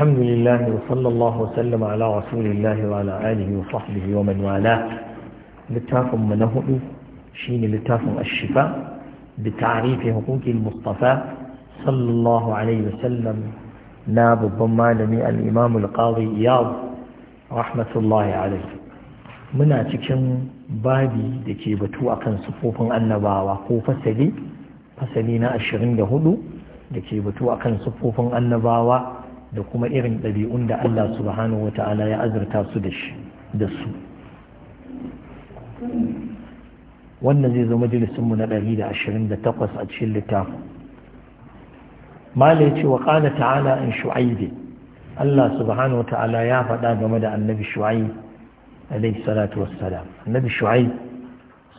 الحمد لله وصلى الله وسلم على رسول الله وعلى آله وصحبه ومن والاه لتاف منهد شين لتاف الشفاء بتعريف حقوق المصطفى صلى الله عليه وسلم ناب الضمالمي الإمام القاضي إياض رحمة الله عليه muna cikin babi da ke batu akan sufofin annabawa ko fasali fasali na 24 da ke batu akan sufofin annabawa da kuma irin ɗabi'un da Allah subhanahu wata'ala ya azurta su da su wannan zai zo majalisunmu na 128 a cikin littafi mala ya ce wa ƙana ta'ala in shu'aibe Allah subhanahu wa ta'ala ya faɗa game da annabi shu'ai alaihi salatu wassalam annabi shu'ai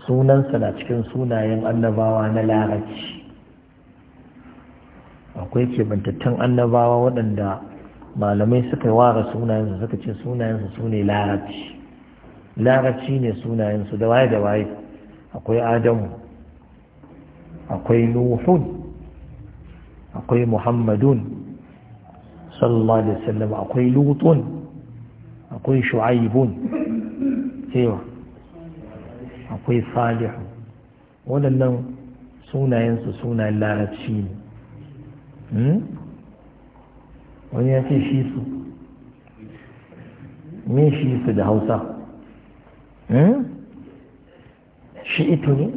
sunansa na cikin sunayen annabawa na larabci akwai kebantattun annabawa waɗanda malamai suka yi ware sunayensu suka ce sunayensu su ne larabci larabci ne sunayensu da waye da waye akwai adamu akwai nuhun akwai muhammadun sallallahu alaihi wasallam akwai lutun akwai shu'aibun cewa akwai salihu waɗannan sunayensu sunayen larabci ne Hmm? wani ya ce shi su me shi su da hausa hmm? shi ito ne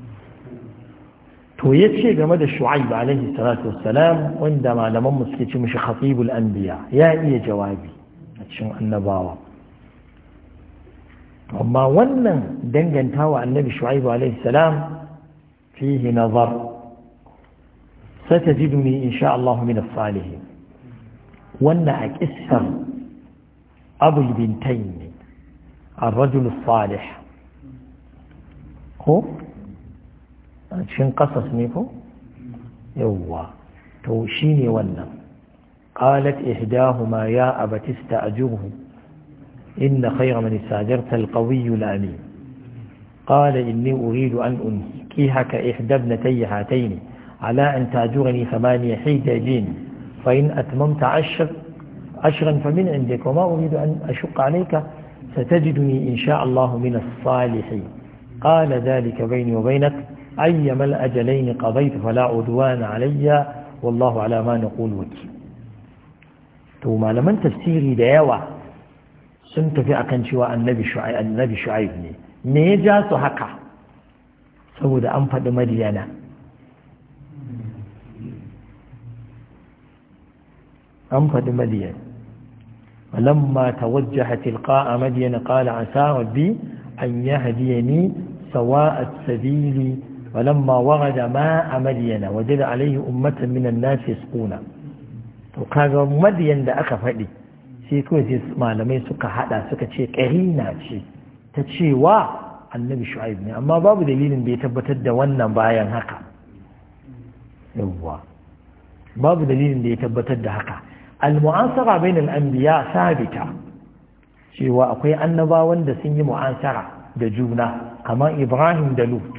to ya ce game da shu'aib alaihi salatu wassalam wanda malaman mu suke ce mishi khatibul anbiya ya iya jawabi a cikin annabawa amma wannan dangantawa annabi shu'aib alaihi salam fihi nazar ستجدني إن شاء الله من الصالحين ونعك اكسر أبو البنتين الرجل الصالح هو شن قصص ميكو يوا توشيني وانا قالت إحداهما يا أبت استأجره إن خير من استأجرت القوي الأمين قال إني أريد أن أنكيهك إحدى ابنتي هاتين على أن تأجرني ثمانية حجاجين فإن أتممت عشر عشرا فمن عندك وما أريد أن أشق عليك ستجدني إن شاء الله من الصالحين قال ذلك بيني وبينك أيما الأجلين قضيت فلا عدوان علي والله على ما نقول وكي ثم لمن تفسيري da سنت في tafi akan cewa annabi shu'aib annabi سود أنفد me an faɗi madiyan lamma tawajjaha tilqa'a madiyan qala asa rabbi an yahdiyani sawa'a sabili ولما ورد ماء مدين وجد عليه أمة من الناس يسقون وكذا مدين da aka faɗi sai kawai sai malamai suka haɗa suka ce ƙarina ce ta cewa annabi shu'aib ne amma babu dalilin da ya tabbatar da wannan bayan haka yawwa babu dalilin da ya tabbatar da haka al-mu'asara bainal anbiya sabita cewa akwai annabawan da sun yi mu'asara da juna kamar Ibrahim da Lut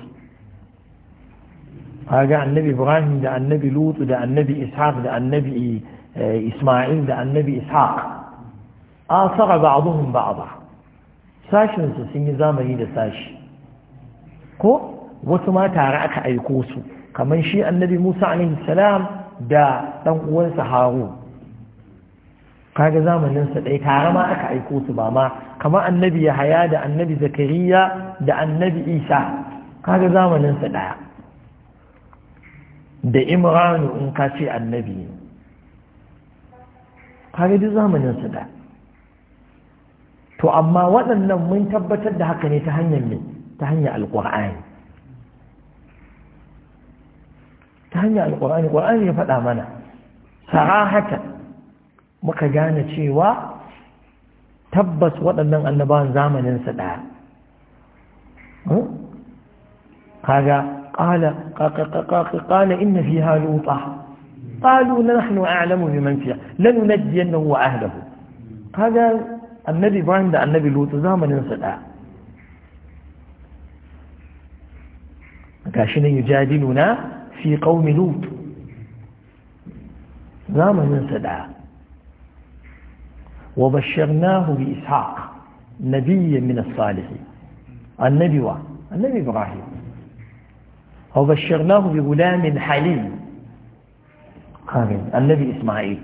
kaga annabi Ibrahim da annabi Lut da annabi Ishaq da annabi eh, Isma'il da annabi Ishaq asara ba'dhum ba'dha sashin su sun yi zamani da sashi ko wasu ma tare aka aiko su kamar shi annabi Musa alaihi salam da dan uwansa Harun kaga zamanin sa dai tare ma aka aiko su ba ma kamar annabi Yahaya da annabi Zakariya da annabi Isa kaga zamanin sa daya da Imran in ka ce annabi kaga duk zamanin sa daya to amma waɗannan mun tabbatar da haka ne ta hanyar ne ta hanyar alƙur'ani ta hanyar alƙur'ani ƙur'ani ya faɗa mana sarahatan muka gane cewa tabbas waɗannan annabawan zamaninsa ɗaya hmm? kaga ƙala ƙala inna fi haluta قالوا نحن أعلم بمن فيها لننجينه وأهله هذا النبي إبراهيم ده النبي لوط زمن ينصدع كاشن يجادلنا في قوم لوط زمن ينصدع وبشرناه بإسحاق نبيا من الصالحين النبي و النبي إبراهيم وبشرناه بغلام حليم آمين النبي إسماعيل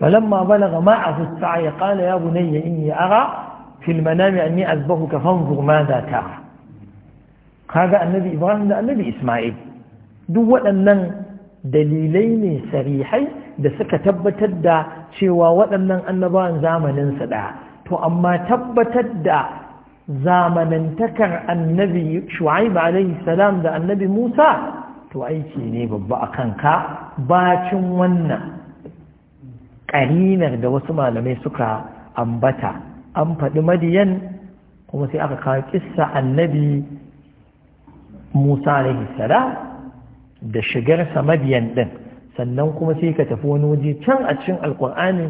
فلما بلغ معه السعي قال يا بني إني أرى في المنام أني أذبحك فانظر ماذا ترى هذا النبي إبراهيم النبي إسماعيل duk أن دليلين ne sarihai da cewa waɗannan annabawan zamanin su ɗaya to amma tabbatar da zamanantakar annabi shu'aib alaihi salam da annabi musa to aiki ne babba a kanka bacin wannan ƙarinar da wasu malamai suka ambata an faɗi madiyan kuma sai aka kawo kissa annabi musa alaihi salam da shigarsa madiyan ɗin sannan kuma sai ka tafi wani waje can a cikin alkur'ani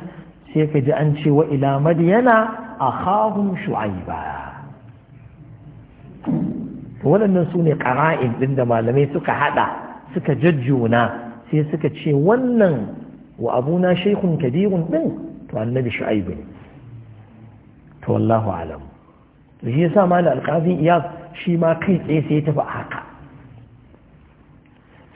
sai ka ji an ce wa ila madiyana a khahun shu'aiba waɗannan su ne ƙara'in ɗin da malamai suka haɗa suka jajjuna sai suka ce wannan wa abuna shaikhun kabirun ɗin to annabi shu'aibu ne to wallahu alam to shi yasa malam alqazi iyaz shi ma kai tsaye sai ya tafi haka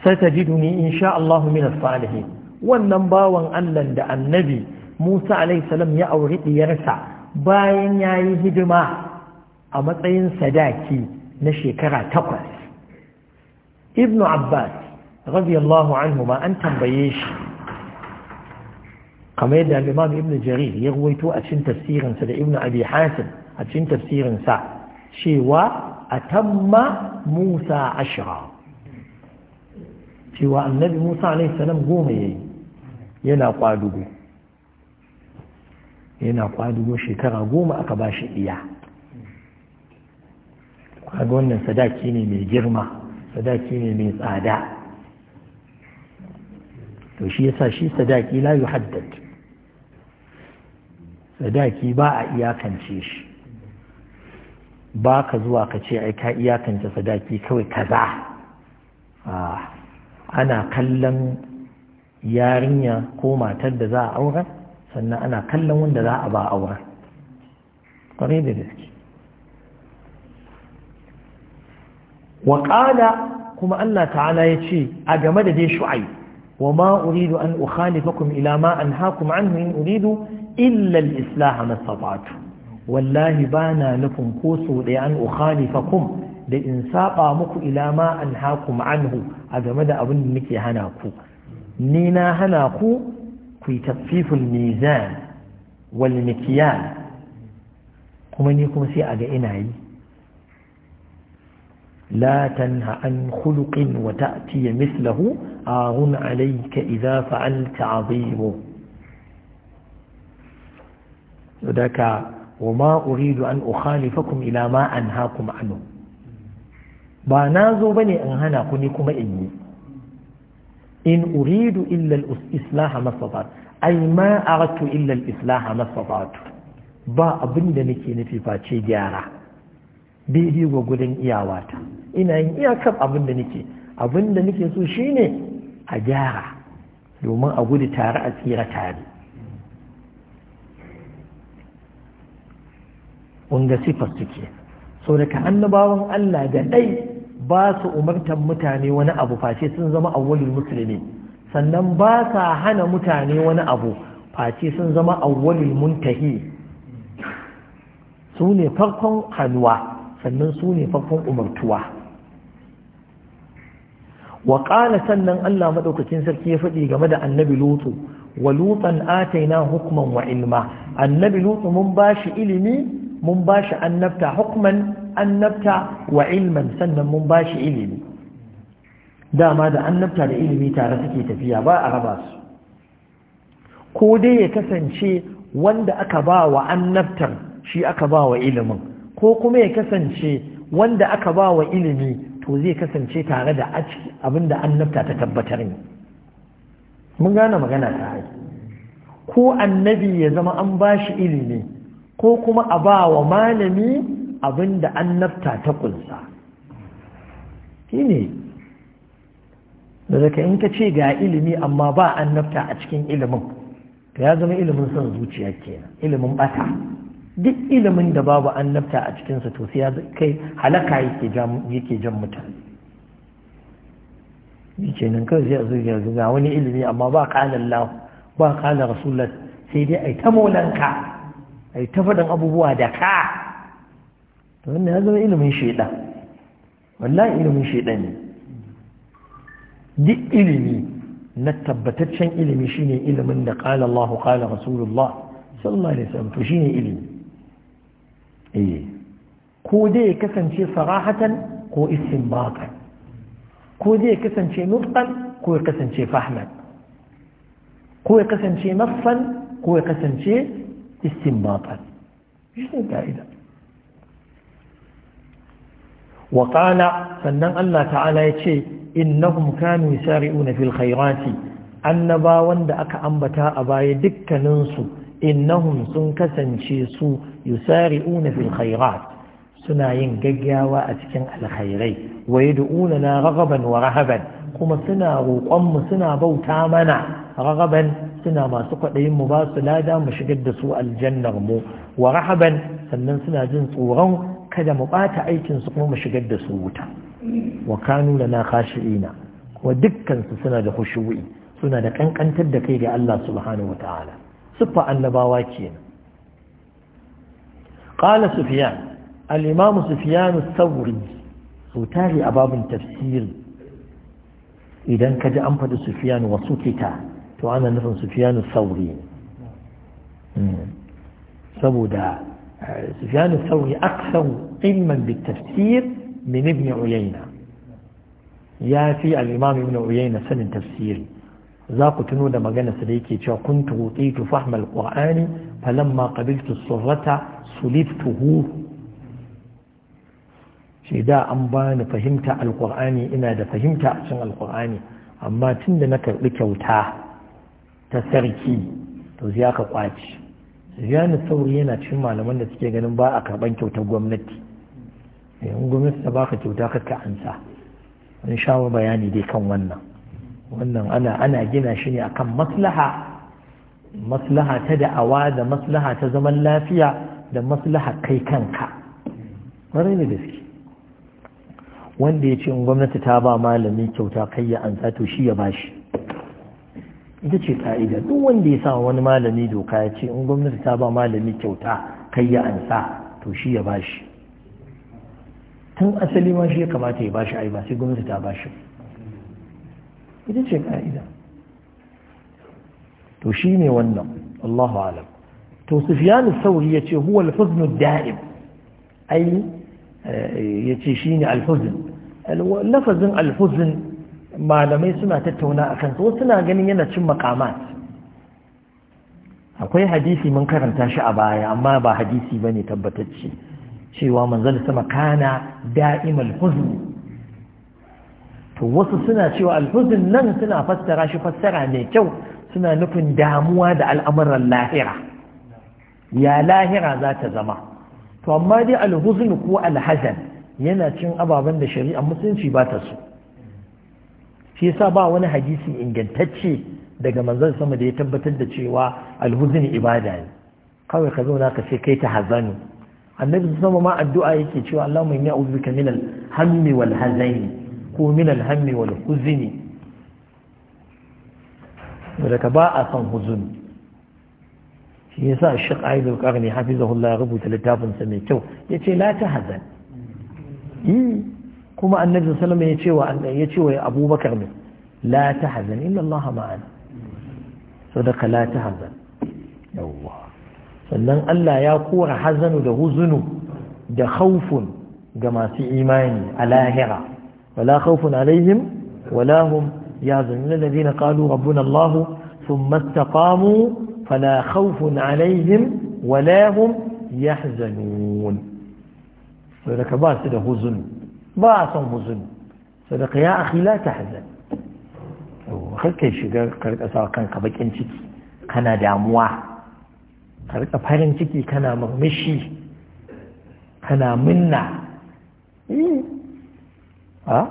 satajiduni insha Allah min as-salihin wannan bawan Allah da annabi Musa alaihi salam ya auri diyarsa bayan yayi hidima a matsayin sadaki na shekara takwas ibnu abbas radiyallahu anhu ma an tambaye shi kamar yadda imam ibn jarir ya ruwaito a cikin tafsirinsa da ibnu abi hatim a cikin tafsirinsa cewa atamma musa ashra cewa annabi musa ne sanan goma ya yi yana kwadugo yana kwadugo shekara goma aka ba shi iya kaga wannan sadaki ne mai girma sadaki ne mai tsada to shi yasa shi sadaki layu yuhaddad sadaki ba a iyakance shi ba ka zuwa ka ce ai ka iyakance sadaki kawai kaza ah. ana kallon yarinya ko matar da za a aura sannan ana kallon wanda za a ba auren. kwarai da gaske waƙala kuma Allah ta'ala ya ce a game da dai shu'ai wa ma uridu an ukhalifakum ila ma anhaakum anhu in uridu illa al-islah ma wallahi bana nufin ko so da an ukhalifakum da in saɓa muku ilama an haku anhu a game da abin da nake hana ku ni na hana ku kuyi yi tafifin nizan wal mikiyan kuma ni kuma sai a ga ina yi la tanha an khuluqin wa ta'ti mithluhu aghun alayka idha fa'alta azimu ودك وما أريد أن أخالفكم إلى ما أنهاكم عنه ba na zo bane in hana ku ni kuma in yi in uridu illa al-islah mastata'tu ay ma aradtu illa al-islah ba abin da nake nufi face gyara daidai gudun iyawata ina yin iyakar abin da nake abin da nake so shine a gyara domin a gudu tare a tsira tare wanda sifar suke so daga annabawan Allah da ɗai ba su umartan mutane wani abu face sun zama awwalul musulmi sannan ba sa hana mutane wani abu face sun zama awwalul muntahi su ne farkon hannuwa sannan su ne farkon umartuwa wa ƙala sannan Allah maɗaukacin sarki ya faɗi game da annabi lutu wa lutan ataina hukman wa ilma annabi lutu mun ba shi ilimi mun ba shi annabta hukman annabta wa ilman sannan mun ba shi ilimi dama da annabta da ilimi tare suke tafiya ba a raba su ko dai ya kasance wanda aka ba wa annabtar shi aka ba wa ilimin ko kuma ya kasance wanda aka ba wa ilimi to zai kasance tare da abinda annabta ta tabbatar ne mun gane magana ta ko annabi ya zama an ba shi ilimi ko kuma a ba wa malami abin da nafta ta kunsa shi ne da zaka in ka ce ga ilimi amma ba nafta a cikin ilimin ya zama ilimin son zuciya kenan ilimin bata duk ilimin da babu an nafta a cikinsa to sai ya kai halaka yake jan mutane yake nan kawai zai zuwa zuwa ga wani ilimi amma ba kalan lahu ba kalan rasulullah sai dai a ta molanka ai ta faɗin abubuwa da ka to wannan ya zama ilimin shaidan wallahi ilimin shaidan ne duk ilimi na tabbataccen ilimi shine ilimin da qala Allah qala Rasulullah sallallahu alaihi wasallam to shine ilimi eh ko dai kasance sarahatan ko istinbatan ko dai kasance nutqan ko kasance fahman ko ya kasance nassan ko ya kasance istinbatan sannan Allah ta'ala ya ce innahum kanu yasari'una na khairati annabawan da aka ambata a baya dukkaninsu innahum sun kasance su yusari'una na khairat suna yin gaggawa a cikin alkhairai wa yad'una na ragaban wa rahaban kuma suna roƙon mu suna bauta mana ragaban suna masu kwaɗayin mu ba su lada mu shigar da su aljannar mu wa rahaban sannan suna jin tsoron kada mu ɓata aikin su kuma mu shigar da su wuta wa kanu lana khashi'ina wa dukkan su suna da hushuwi, suna da kankantar da kai ga Allah subhanahu wataala siffa annabawa kenan qala sufyan al-imam sufyan ath-thawri sutari a babin tafsiri idan ka ji an faɗi sufyan wa sukita توانا نفن سفيان الثوري سبودا سفيان الثوري أكثر علما بالتفسير من ابن عيينة يا في الإمام ابن عيينة سن التفسير ذاق تنود ما قال سليكي كنت أطيت فهم القرآن فلما قبلت الصرة سلفته شي دا أمبان فهمت القرآن إنا دا فهمت أحسن القرآن أما تند نكر لكوتاه ta sarki to sai aka kwaci Sufyanu Sauri yana cikin malaman da suke ganin ba a karban kyautar gwamnati eh, in gwamnati ta baka kyauta ka ansa an shawar bayani dai kan wannan wannan ana ana gina shi ne akan maslaha maslaha ta da'awa da maslaha ta zaman lafiya da maslaha kai kanka ƙwarai da gaske wanda ya ce in gwamnati ta ba malami kyauta kai ya ansa to shi ya bashi ita ce ka'ida duk wanda ya sa wani malami doka ya ce in gwamnati ta ba malami kyauta kai ya ansa to shi ya bashi tun asali ma shi ya kamata ya bashi ai ba sai gwamnati ta bashi ita ce ka'ida to shi ne wannan Allahu alam to Sufyan sauri ya ce huwa al-huzn daim ai ya ce shi ne al-huzn lafazin al-huzn malamai suna tattauna a kansa wasu suna ganin yana cin makamat akwai hadisi mun karanta shi a baya amma ba hadisi ne, tabbatacce cewa manzon sama kana da'im huzn to wasu suna cewa alhuzn nan suna fassara shi fassara mai kyau suna nufin damuwa da al'amuran lahira ya lahira za ta zama to amma dai alhuzn ko alhazan yana cin ababen da shari'a musulunci ba ta so shi yasa ba wani hadisi ingantacce daga manzon sama da ya tabbatar da cewa alhuzun ibada ne kawai ka zauna ka ce kai ta hazani annabi sama ma addu'a yake cewa Allahumma inni a'udhuka min al-hammi wal hazani ko min al-hammi wal huzni daga ba a san huzun. shi yasa Sheikh Aidul Qarni hafizahullah ya rubuta littafin sa mai kyau yace la ta hazan kuma annabi sallallahu alaihi wasallam ya ce wa abubakar ne la ta tahzan inna allaha ma'ana ka la ta hazan yawwa sannan Allah ya kora hazanu da huzunu da khawfun ga masu imani a lahira wala khawfun alaihim wala hum yahzanun alladhina qalu rabbuna allah thumma istaqamu fala khawfun alaihim wala hum yahzanun ka ba su da huzunu بعض مزن صدق يا أخي لا تحزن وخلت قال قريت أسأل كان قبيت أنتي كان دعموا قريت أبهر أنتي كان مغمشي كان منا إيه آه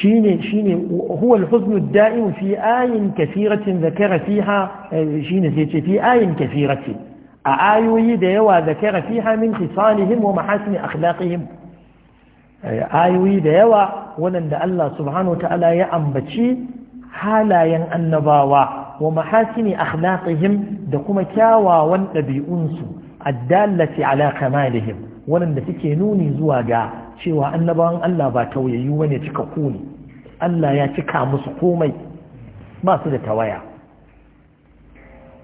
شيني شيني هو الحزن الدائم في آي كثيرة ذكر فيها آه، شيني في آي كثيرة a ayoyi da yawa zakara fiha min khisalihim wa mahasini akhlaqihim eh, ayoyi da yawa waɗanda Allah subhanahu ta'ala ya ambaci halayen annabawa wa mahasini akhlaqihim da kuma kyawawan ɗabi'unsu addallati ala kamalihim waɗanda suke nuni zuwa ga cewa annabawan Allah ba tauyayyu bane cika ne Allah ya cika musu komai ba su da tawaya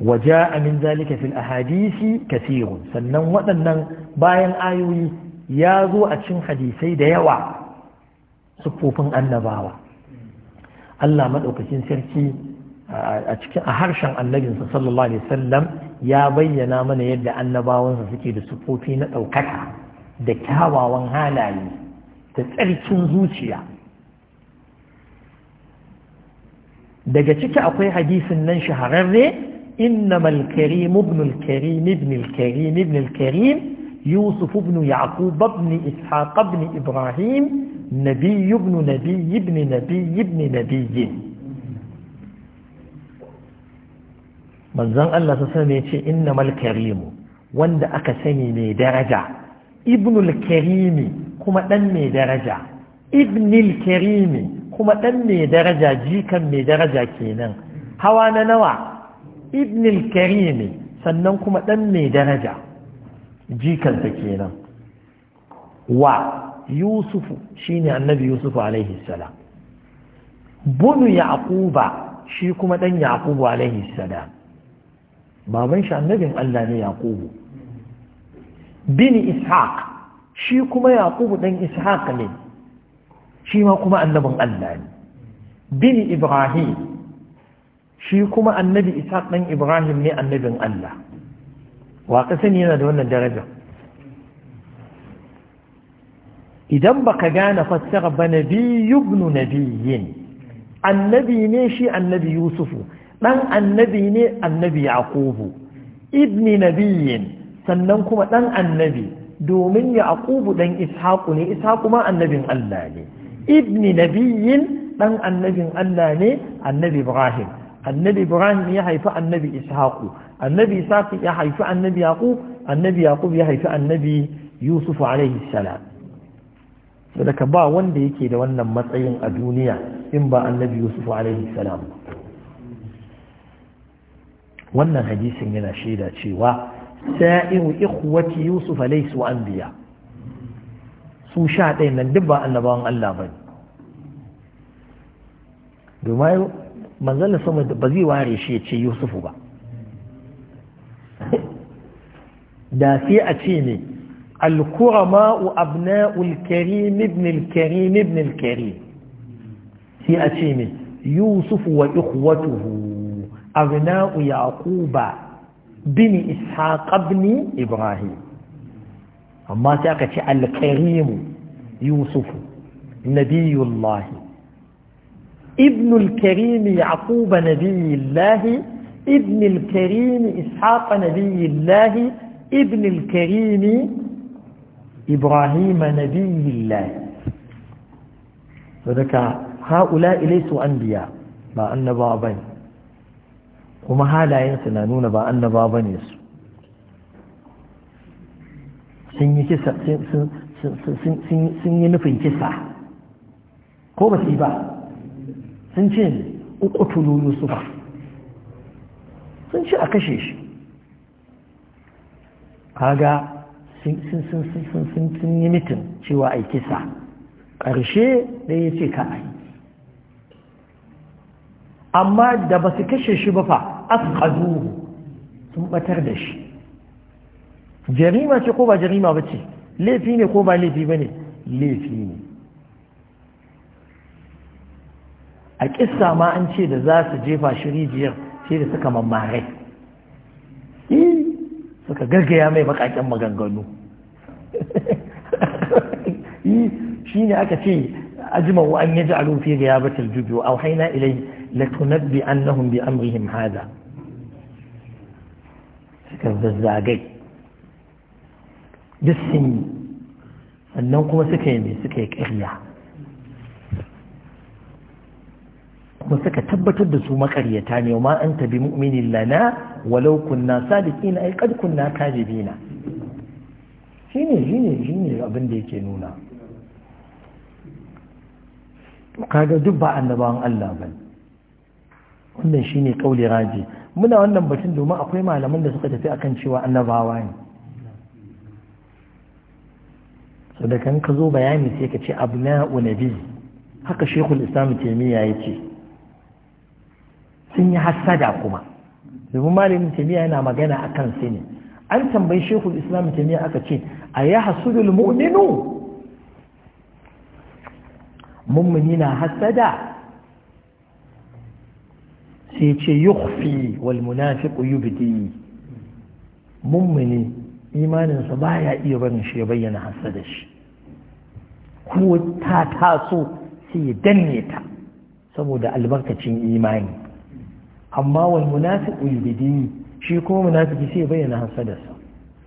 وجاء من ذلك في الأحاديث كثير sannan waɗannan bayan ayoyi ya zo a cikin hadisai da yawa siffofin annabawa Allah maɗaukacin sarki a cikin a harshen annabinsa sallallahu alaihi wasallam ya bayyana mana yadda annabawansa suke da siffofi na ɗaukaka da kyawawan halaye da tsarkin zuciya daga ciki akwai hadisin nan shahararre إنما الكريم ابن الكريم ابن الكريم ابن الكريم يوسف ابن يعقوب ابن إسحاق ابن إبراهيم نبي ابن نبي ابن نبي ابن نبي من زن الله سسمي إنما الكريم وند أكسني من درجة ابن الكريم كما تنمي درجة ابن الكريم كما تنمي درجة جيكا من درجة كينا هوانا نوع ibnil karimi sannan kuma ɗan mai daraja jikansa kenan wa yusufu shine annabi yusufu alaihi salam bunu yaquba shi kuma ɗan yaqubu alaihi salam baban shi annabin Allah ne yaqubu Bini ishaq shi kuma yaqubu ɗan ishaq ne shi ma kuma annabin Allah ne Bini ibrahim shi kuma annabi isa ɗan ibrahim ne annabin allah wa ƙasa yana da wannan daraja idan baka gane fassara ba na biyu ibnu nabiyin annabi ne shi annabi yusufu ɗan annabi ne annabi yaqubu ibni nabiyin sannan kuma ɗan annabi domin yaqubu ɗan ishaku ne ishaku ma annabin allah ne ibni nabiyin ɗan annabin allah ne annabi ibrahim annabi ibrahim ya haifi annabi ishaqu annabi ishaq ya haifi annabi yaqub annabi yaqub ya haifi annabi yusuf alaihi salam sadaka ba wanda yake da wannan matsayin a duniya in ba annabi yusuf alaihi salam wannan hadisin yana shaida cewa sa'iru ikhwati yusuf laysu anbiya su sha ɗaya nan duk ba annabawan Allah ba. domin manzon sama ba zai ware shi ya ce yusufu ba da sai a ce ne alkurama'u abna'ul karim ibn al-karim ibn karim sai a ce ne yusufu wa ikhwatuhu abna'u yaquba bin ishaq ibn ibrahim amma sai aka ce al-karim yusufu nabiyullahi ابن الكريم يعقوب نبي الله ابن الكريم إسحاق نبي الله ابن الكريم إبراهيم نبي الله فذلك هؤلاء ليسوا أنبياء ما أن بابين وما هالا نون ما أنبا بني sun yi nufin kisa ko ba su yi ba sun ce uqtulu yusuf sun ce a kashe shi kaga sun yi mitin cewa a kisa ƙarshe da ya ce ka ai amma da ba su kashe shi ba fa asqaduhu sun batar da shi jarima ce ko ba jarima ba ce laifi ne ko ba laifi ba ne laifi ne a kissa ma an ce da za su jefa shi rijiyar sai da suka mammare suka gargaya mai bakaƙen maganganu shi ne aka ce ajima wa an yaji alufi ga yabatul jubi wa auhaina ilai latunabbi annahum bi amrihim hada suka zazzagai duk sun yi sannan kuma suka yi mai suka yi ƙarya kuma suka tabbatar da su makaryata ne ma an tabi mu'minin lana walau kunna sadiqina ai kad kunna kadibina shine shine shine abin da yake nuna kaga duk ba annabawan Allah ba wannan shine kauli raji muna wannan batun domin akwai malaman da suka tafi akan cewa annabawa ne sadakan ka zo bayani sai ka ce abna'u nabi haka shekul islam taimiyya ya ce sun yi hassada kuma domin malamin taimiyya yana magana a kan su ne an tambayi shekul islam taimiyya aka ce a ya hasudul mu'minu mummuni na hassada sai ce yukhfi wal munafiqu yubdi mummuni imaninsa baya iya barin shi ya bayyana hassada shi ko ta taso sai ya danne ta saboda albarkacin imani amma wal munafiqu yubdi shi kuma munafiki sai bayyana hasadarsa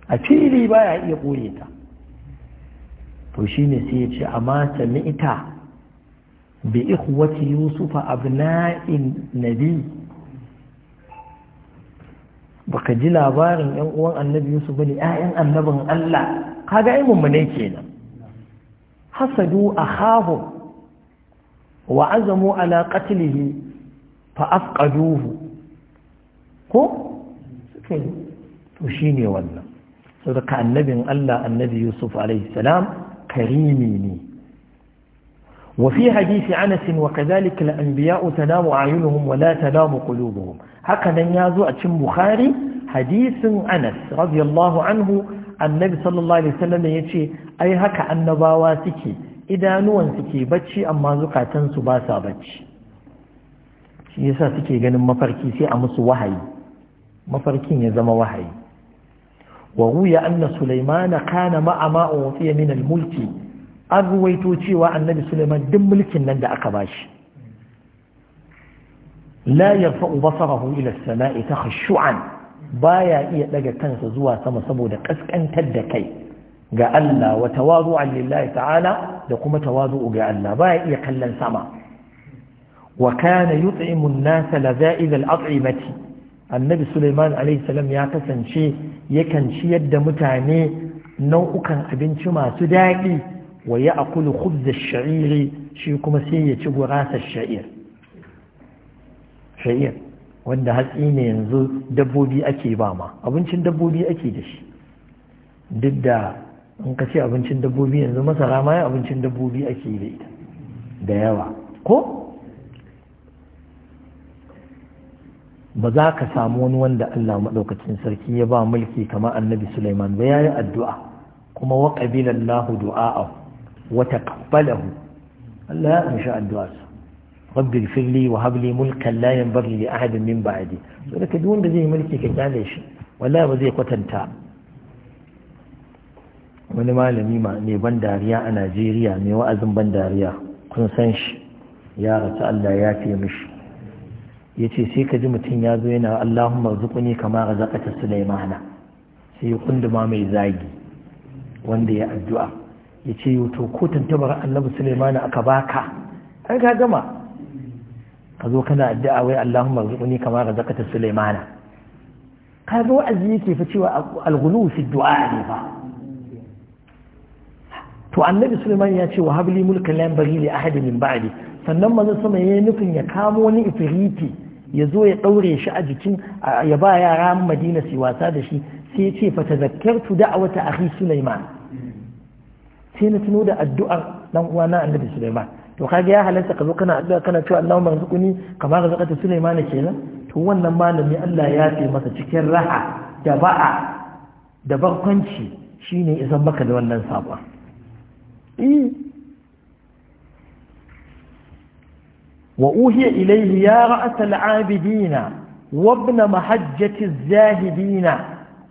a fili baya iya kore ta to shine sai ya ce amma sami'ta bi ikhwati yusufa abna'in nabi baka ji labarin yan uwan annabi yusuf bane ƴaƴan annabin Allah kaga ai mummune kenan hasadu akhahu wa azamu ala qatlihi fa’af ƙaduhu ko suka yi to shi ne wannan sau annabin Allah annabi Yusuf salam karimi ne wafi hadisi anasin wa kazalik al’ambiya’u ta damu a yunuhun ta damu ƙulubuhun haka nan ya zo a cin Bukhari hadisin anas radiyallahu anhu annabi sallallahu ya ce ai haka annabawa suke idanuwan ke bacci amma zukatansu ba sa bacci shi yasa suke ganin mafarki sai a musu wahayi mafarkin ya zama wahayi wa ruya anna sulaimana kana ma'a ma ufiya min al-mulki an ruwaito cewa annabi sulaiman duk mulkin nan da aka bashi la yarfa'u basarahu ila as-sama'i takhashu'an baya iya daga kansa zuwa sama saboda kaskantar da kai ga Allah wa tawazu'an lillahi ta'ala da kuma tawazu'u ga Allah baya iya kallon sama wa kana yut'imu an-nas laza'il annabi Suleiman alaihi salam ya kasance yakan ci yadda mutane nau'ukan abinci masu daɗi wa ya akulu khubza sha'iri shi kuma sai ya ci gurasa sha'ir sha'ir wanda hatsi ne yanzu dabbobi ake ba ma abincin dabbobi ake da shi duk da in ka ce abincin dabbobi yanzu masara ma abincin dabbobi ake da da yawa ko ba za ka samu wani wanda Allah maɗaukacin sarki ya ba mulki kamar annabi Sulaiman ba ya yi addu'a kuma wa ƙabilan lahu du'a'a wata ƙabbalahu Allah ya amshi addu'a su rabbi firli wa habli mulkan la yanbaghi li ahadin min Ba'adi, so da duk wanda zai mulki ka kyale shi wallahi ba zai kwatanta wani malami ma ne ban dariya a Najeriya mai wa'azin ban dariya kun san shi ya rasu Allah ya fi mishi ya ce sai ka ji mutum ya zo yana Allahumma zuƙuni kama razaqata Sulaimana sai ya kunduma mai zagi wanda ya addu'a ya ce to ko tantabar annabi Sulaimana aka baka an ka gama ka zo kana addu'a wai Allahumma zuƙuni kama razaqata Sulaimana ka zo wa'azi ke fa cewa alghulu fi du'a ne fa to annabi Sulaiman ya ce wa habli mulkan lan bari li ahadin min ba'di sannan manzon sama ya nufin ya kamo wani ifiriti ya zo ya ɗaure shi a jikin ya ba yara madina su wasa da shi sai ya ce fa ta da a a akhi Suleiman. sai na tuno da addu'ar dan uwana Annabi Suleiman. to kaga ya halatta ka zo kana addu'a kana cewa Allahumma rizquni kama rizqata Sulaiman kenan to wannan malami Allah ya fi masa cikin raha da ba'a da barkwanci shine isan baka da wannan sabon eh. وأوهي إليه يا رأس العابدين وابن محجة الزاهدين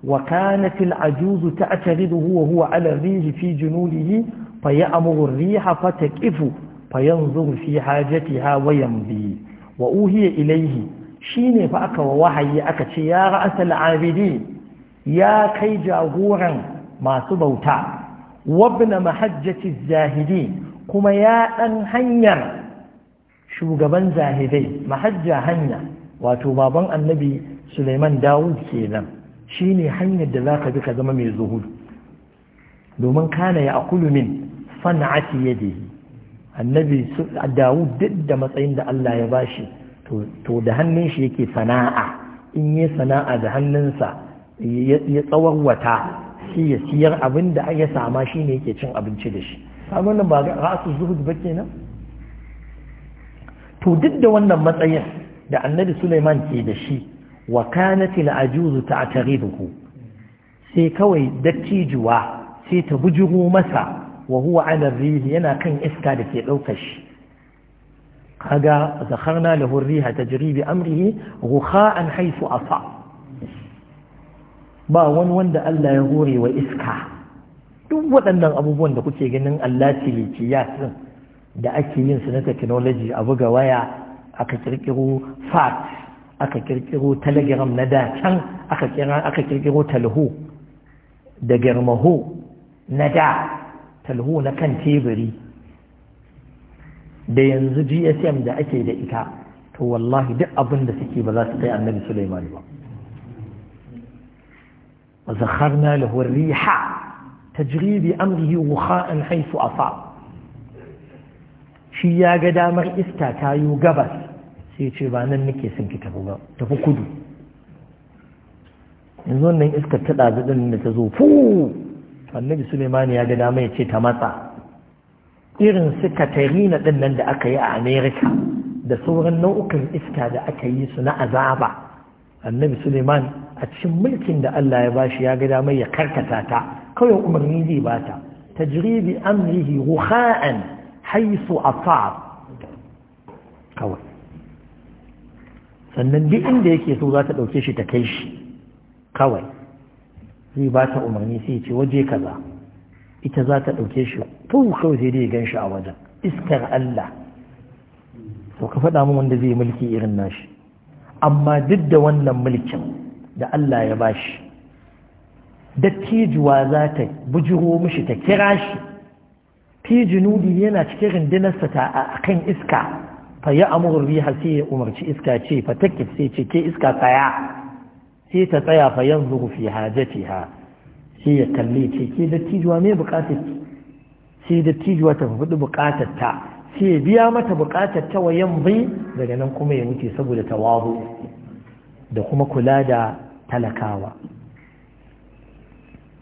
وكانت العجوز تعترضه وهو على الريح في جنوده فيأمر الريح فتكف فينظر في حاجتها ويمضي وأوهي إليه شين فأك ووحي أكت يا رأس العابدين يا كي جاغورا ما سبوتا وابن محجة الزاهدين كما يا أنهير shugaban zahirai mahajja hanya wato baban annabi suleiman dawud kenan shine hanyar da za ka bi ka zama mai zuhudu domin kana ya akulu min da yadihi annabi dawud duk da matsayin da Allah ya bashi to da hannun shi yake sana'a in yi sana'a da hannunsa ya tsawon wata shi ya siyar abin da ya sama shi ne yake cin abinci da shi abin ba ra'asu zuhud ba kenan to duk da wannan matsayin da annabi Suleiman ke da shi wa kanatil ajuzu ta'tariduhu sai kawai dattijuwa sai ta bujuru masa wa huwa ala rihi yana kan iska da ke daukar shi kaga zakharna lahu riha tajri bi amrihi ghukha'an haythu asa ba wani wanda Allah ya hore wa iska duk waɗannan abubuwan da kuke ganin Allah tiliciyat din da ake yin su na technology a buga waya aka kirkiro fax aka kirkiro telegram na da can aka kirkiro talho da girmaho na da talho na kan teburi da yanzu gsm da ake da ita to wallahi duk abin da suke ba za su kai annabi suleiman ba وزخرنا له الريح tajribi بأمره وخاء حيث أصاب shi ya ga damar iska ta yi gabas sai ce ba nan nake son ki tafi ba tafi kudu yanzu wannan iska ta ɗazu ɗin da ta zo fu annabi suleiman ya ga damar ya ce ta matsa irin su katarina ɗin nan da aka yi a amerika da sauran nau'ukan iska da aka yi su na azaba annabi suleiman a cikin mulkin da allah ya bashi ya ga damar ya karkata ta kawai umarni zai bata tajribi amrihi ruha'an haisu asar kawai sannan duk inda yake so za ta ɗauke shi ta kai shi kawai zai bata umarni sai ce waje kaza ita za ta ɗauke shi tun kawai sai dai shi a wajen iskar Allah to ka faɗa min wanda zai mulki irin nashi amma duk da wannan mulkin da Allah ya bashi dattijuwa za ta bujiro mishi ta kira shi fi junudi yana cike rindinarsa ta a kan iska fa ya amuru riha sai ya umarci iska ce fa takif sai ce ke iska tsaya sai ta tsaya fa yanzu fi hajatiha sai ya kalli ce ke dattijuwa me bukatar sai dattijuwa ta fudu bukatar ta sai ya biya mata bukatar ta wa yambi daga nan kuma ya wuce saboda tawazu da kuma kula da talakawa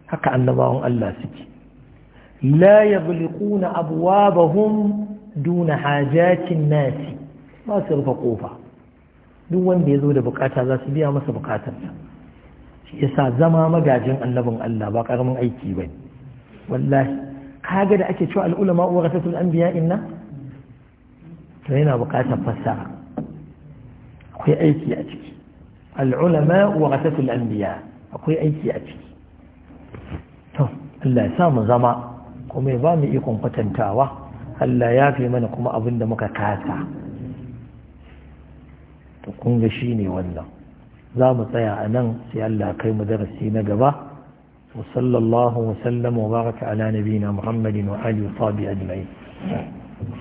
haka annabawan Allah suke لا يغلقون أبوابهم دون حاجات الناس ما سرف فقوفا دون بيذول بقاتا ذا سبيا ما سبقاتا يسا زما ما جاجن اللبن ألا باقا رمان أي كيبين والله كاقا دا أكي شوء الأولماء ورثة الأنبياء إنا فهنا بقاتا فساء أخي أي كي العلماء ورثة الأنبياء أخي أي كي أتي الله سام زمان kuma ba mu ikon kwatantawa Allah ya fi mana kuma abin da muka kasa to kun ga shi ne wannan za mu tsaya a nan sai Allah kai mu darasi na gaba Wasallallahu sallallahu wa baraka ala nabiyina muhammadin wa alihi wa